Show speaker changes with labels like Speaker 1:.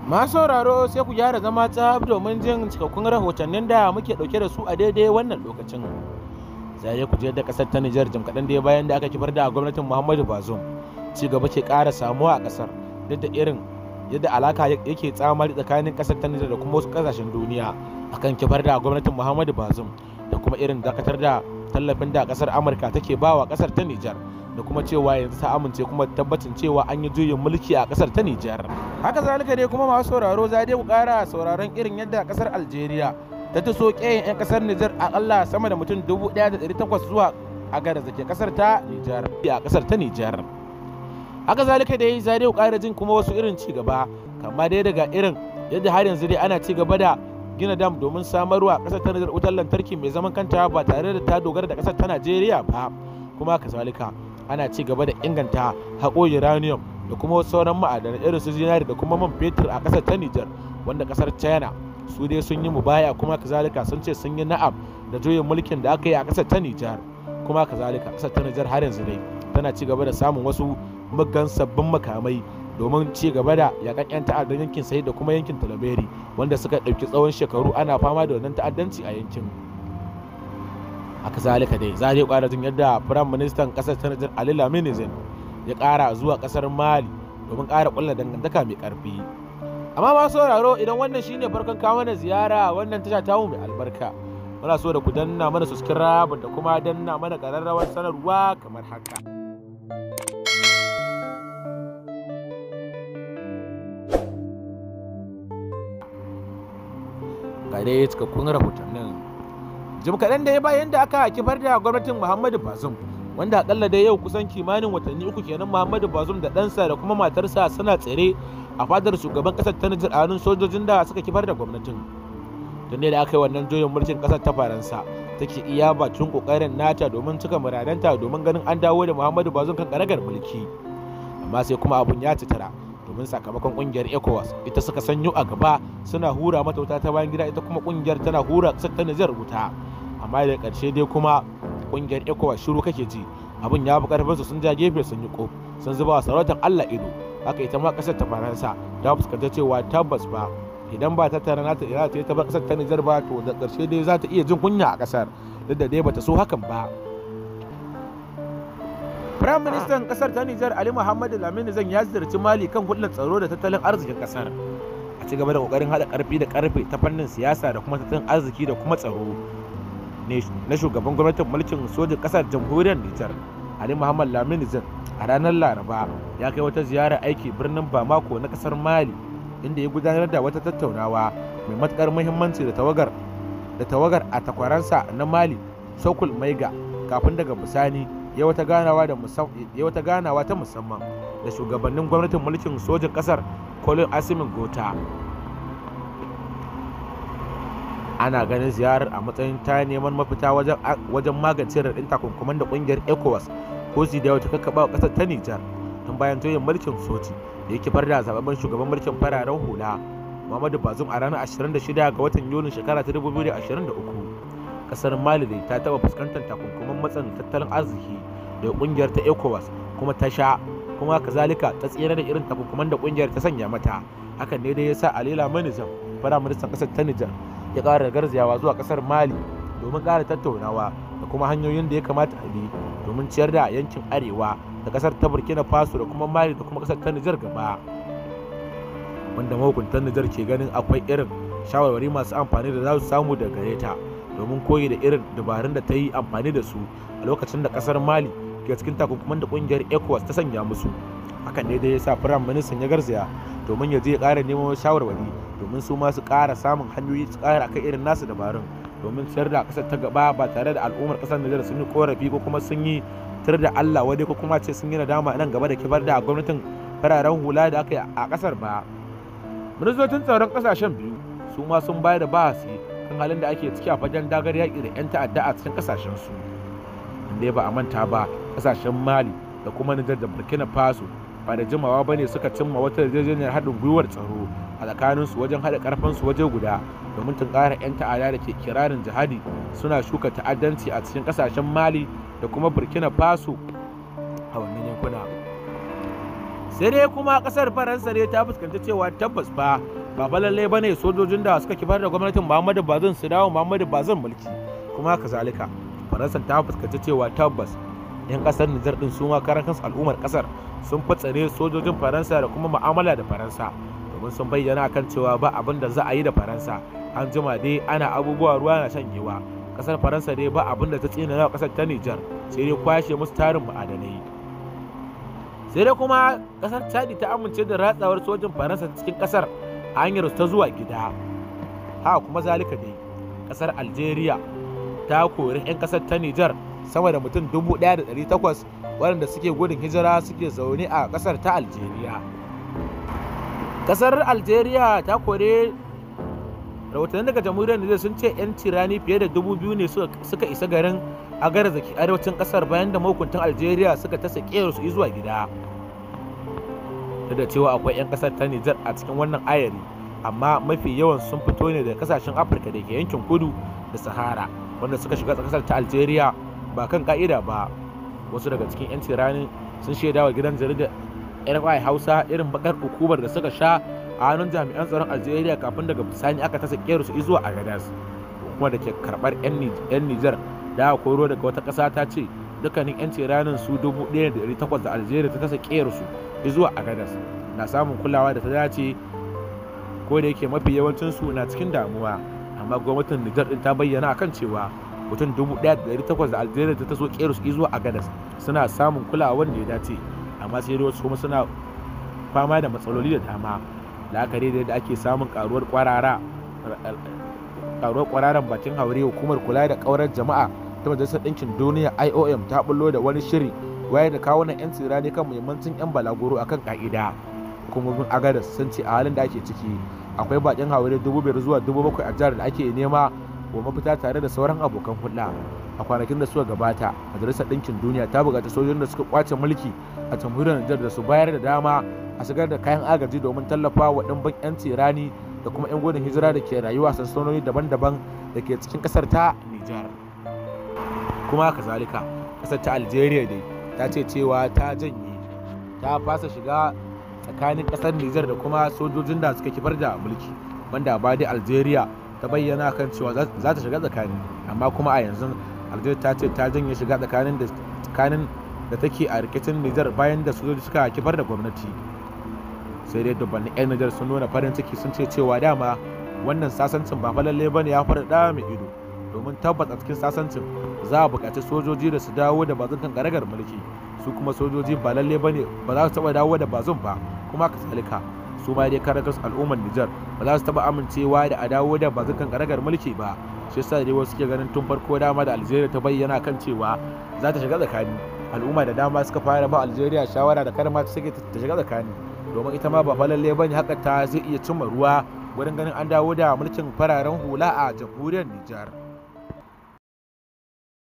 Speaker 1: Masu sauraro sai ku gyara zama tsab domin jin cikakkun rahotannin da muke dauke da su a daidai wannan lokacin. Sai ya kujer da kasar ta Nijar jim kaɗan dai bayan da aka kifar da gwamnatin Muhammadu Bazoum ci gaba ke ƙara samuwa a ƙasar duk da irin yadda alaka yake tsamari tsakanin ƙasar ta Nijar da kuma wasu ƙasashen duniya akan kifar da gwamnatin Muhammadu Bazoum da kuma irin dakatar da tallafin da kasar amurka take bawa kasar ta nijar da kuma cewa yanzu ta amince kuma tabbacin cewa an yi juyin mulki a kasar ta nijar haka zalika dai kuma masu sauraro za dai ku kara sauraron irin yadda kasar algeria ta ta soke 'yan kasar nijar akalla sama da mutum dubu daya da dari takwas zuwa a gara zake kasar ta nijar a kasar ta nijar haka zalika dai za dai ku kara jin kuma wasu irin ci gaba kama dai daga irin yadda har yanzu dai ana ci gaba da gina dam domin samarwa kasar ta wutar lantarki mai zaman kanta ba tare da ta dogara da kasar ta najeriya ba kuma kasalika ana ci gaba da inganta haƙo uranium da kuma sauran ma'adanan irin su zinari da kuma man fetur a kasar ta nijar wanda kasar china su dai sun yi mubaya kuma kazalika sun ce sun yi na'am da juyin mulkin da aka yi a kasar ta Nijar kuma kazalika kasar ta Nijar har yanzu dai tana ci gaba da samun wasu muggan sabbin makamai domin ci gaba da yakan 'yan ta'addar yankin sai da kuma yankin talaberi wanda suka ɗauki tsawon shekaru ana fama da wannan ta'addanci a yankin haka zalika dai za a ƙara jin yadda firayim ministan ƙasar ta Ali laminizin ya ƙara zuwa kasar Mali domin ƙara ƙulla dangantaka mai ƙarfi amma su sauraro idan wannan shine farkon kawo na ziyara wannan tasha tamu mai albarka muna so da ku danna mana subscribe da kuma danna mana ƙararrawar sanarwa kamar haka. ga dai cikakkun rahotannin jim kaɗan da ya bayan da aka kifar da gwamnatin muhammadu bazum wanda akalla dai yau kusan kimanin watanni uku kenan muhammadu bazum da ɗansa da kuma matarsa suna tsere a fadar shugaban ƙasar ta nijar a sojojin da suka kifar da gwamnatin tun da aka yi wannan juyin mulkin ƙasar ta faransa take iya tun ƙoƙarin nata domin cika muradanta domin ganin an dawo da muhammadu bazum kan ƙaragar mulki amma sai kuma abun ya ci domin sakamakon kungiyar ecowas ita suka sanyo a gaba suna hura mata wuta ta bayan gida ita kuma kungiyar tana hura ƙasar ta nijar wuta amma da ƙarshe dai kuma kungiyar ecowas shiru kake ji abin ya fi ƙarfin sun ja gefe sun yi ko sun zuba wa sarautar allah ido haka ita ma ƙasar ta faransa ta fuskanta cewa tabbas ba idan ba ta tara nata ira ta yi ta bar kasar ta Nijar ba to da karshe dai za ta iya jin kunya a kasar duk da dai bata so hakan ba firaministan Ministan ƙasar ta Nijar Ali Muhammadu Lamini zan ya ziyarci Mali kan hulɗar tsaro da tattalin arzikin ƙasar. A ci gaba da ƙoƙarin haɗa ƙarfi da ƙarfe ta fannin siyasa da kuma tattalin arziki da kuma tsaro na shugaban gwamnatin mulkin sojin ƙasar jamhuriyar Nijar. Ali Muhammad Lamini zan a ranar Laraba ya kai wata ziyara aiki birnin Bamako na ƙasar Mali inda ya gudanar da wata tattaunawa mai matuƙar muhimmanci da tawagar da tawagar a takwaransa na Mali Sokul Maiga kafin daga bisani ya wata ganawa ta musamman da shugabannin gwamnatin mulkin sojin kasar colin asimin gota ana ganin ziyarar a matsayin ta neman mafita wajen magance raɗin takunkuman da ƙungiyar ecowas ko wata ta kakkaɓa ƙasar ta nijar tun bayan toyin mulkin soji da yake farda da zababben shugaban mulkin fararen hula muhammadu bazum a ranar 26 ga watan yunin shekara ta 2023 kasar mali da ta taba fuskantar takunkuman matsan tattalin arziki da kungiyar ta ecowas kuma ta sha kuma kazalika ta tsira da irin takunkuman da kungiyar ta sanya mata hakan ne dai ya sa alila manizam ministan kasar ta nijar ya kara garzayawa zuwa kasar mali domin kara tattaunawa da kuma hanyoyin da ya kamata a bi domin ciyar da yankin arewa da kasar ta burkina faso da kuma mali da kuma kasar ta nijar gaba wanda mahukuntan nijar ke ganin akwai irin shawarwari masu amfani da za su samu daga gare ta domin koyi da irin dabarun da ta yi amfani da su a lokacin da kasar mali ke cikin takunkuman da kungiyar ecowas ta sanya musu hakan ne dai ya sa firayim ministan ya garzaya domin ya je ya ƙara neman shawarwari domin su ma su ƙara samun hanyoyi su ƙara akan irin nasu dabarun domin sayar da kasar ta gaba ba tare da al'ummar kasar Nijar sun yi korafi ko kuma sun yi tar da Allah wadai ko kuma ce sun yi nadama nan gaba da kibar da gwamnatin fararen hula da aka yi a kasar ba. Ministocin tsaron kasashen biyu su ma sun bayar da bahasi kan halin da ake ciki a fagen dagar yaƙi da 'yan ta'adda a cikin ƙasashensu inda ba a manta ba ƙasashen mali da kuma nijar da burkina faso ba da jimawa ba ne suka cimma wata yarjejeniyar haɗin gwiwar tsaro a tsakaninsu wajen haɗa ƙarfinsu waje guda domin tunkarar 'yan ta'adda da ke kirarin jihadi suna shuka ta'addanci a cikin ƙasashen mali da kuma burkina faso a wannan yankuna sai dai kuma kasar faransa ne ta fuskanci cewa tabbas ba. ba fa lallai ba ne sojojin da suka kifar da gwamnatin muhammadu bazin su dawo muhammadu bazin mulki kuma haka zalika faransa ta fuskanci cewa tabbas 'yan kasar nijar din su ma karan al'ummar kasar sun fatsare sojojin faransa da kuma mu'amala da faransa domin sun bayyana kan cewa ba abin da za a yi da faransa an jima dai ana abubuwa ruwa na shan shanyewa kasar faransa dai ba abin da ta tsina na kasar ta nijar sai dai kwashe musu tarin ma'adanai sai dai kuma kasar chadi ta amince da ratsawar sojin faransa cikin kasar a hanyar ta zuwa gida ha kuma zalika dai kasar algeria ta kori 'yan kasar ta nijar sama da mutum 1,800 waɗanda suke gudun hijira suke zaune a kasar ta algeria kasar algeria ta kori rahotanni daga jamhuriyar nijar sun ce 'yan tirani fiye da dubu ne suka isa garin agarzaki arewacin kasar bayan da mahukuntan algeria suka tasa su zuwa gida duk da cewa akwai 'yan kasar ta Nijar a cikin wannan ayari amma mafi yawan sun fito ne daga kasashen Afirka da ke yankin kudu da Sahara wanda suka shiga kasar ta Algeria ba kan ka'ida ba wasu daga cikin 'yan tirani sun shaida wa gidan jaridar RFI Hausa irin bakar hukumar da suka sha a hannun jami'an tsaron Algeria kafin daga bisani aka tasa kera su zuwa Agadas kuma da ke karbar 'yan Nijar da aka koro daga wata kasa ta ce dukkanin 'yan tiranin su 1,800 da Algeria ta tasa kera su zuwa agadas na samun kulawa da ta dace ko da yake mafi yawancinsu na cikin damuwa amma gwamnatin nijar din ta bayyana akan cewa mutum ɗaya da da ta so kero su zuwa gadas suna samun kulawa wanda ya dace amma sai da wasu kuma suna fama da matsaloli da dama la'akari da yadda ake samun karuwar kwarara karuwar kwararan bakin haure hukumar kula da kaurar jama'a ta majalisar ɗinkin duniya iom ta bullo da wani shiri waye da kawo nan 'yan tsira ne kan muhimmancin 'yan balaguro akan ka'ida hukumomin agadas sun ce a halin da ake ciki akwai bakin hawari dubu biyar zuwa dubu bakwai a jihar da ake nema wa mafita tare da sauran abokan hulɗa a kwanakin da suka gabata majalisar ɗinkin duniya ta buƙaci sojojin da suka kwace mulki a jamhuriyar nijar da su bayar da dama a shigar da kayan agaji domin tallafa wa ɗimbin 'yan tirani da kuma 'yan gudun hijira da ke rayuwa sansanoni daban-daban da ke cikin ƙasar ta nijar kuma kazalika ƙasar ta algeria dai ta ce cewa ta janye ta fasa shiga tsakanin kasar Nijar da kuma sojojin da suka kifar da mulki wanda ba da Algeria ta bayyana kan cewa za ta shiga tsakani amma kuma a yanzu Algeria ta ce ta janye shiga tsakanin da tsakanin da take a rikicin Nijar bayan da sojoji suka kifar da gwamnati sai dai dubban 'yan Nijar sun nuna farin ciki sun ce cewa dama wannan sasancin ba fa lalle ne ya faɗaɗa mai ido domin tabbas a cikin sasancin za a buƙaci sojoji da su dawo da bazun kan garagar mulki su kuma sojoji ba lalle ba ne ba za su taɓa dawo da bazun ba kuma ka tsalika su ma dai karakar al'ummar Nijar ba za su taɓa amincewa da a dawo da bazun kan garagar mulki ba shi yasa dai wasu ke ganin tun farko dama da Algeria ta bayyana kan cewa za ta shiga tsakani al'umma da dama suka fara ba Algeria shawara da karma ta shiga tsakani domin ita ma ba fa lalle bane haka ta zai iya cimma ruwa wurin ganin an dawo da mulkin fararen hula a jamhuriyar Nijar.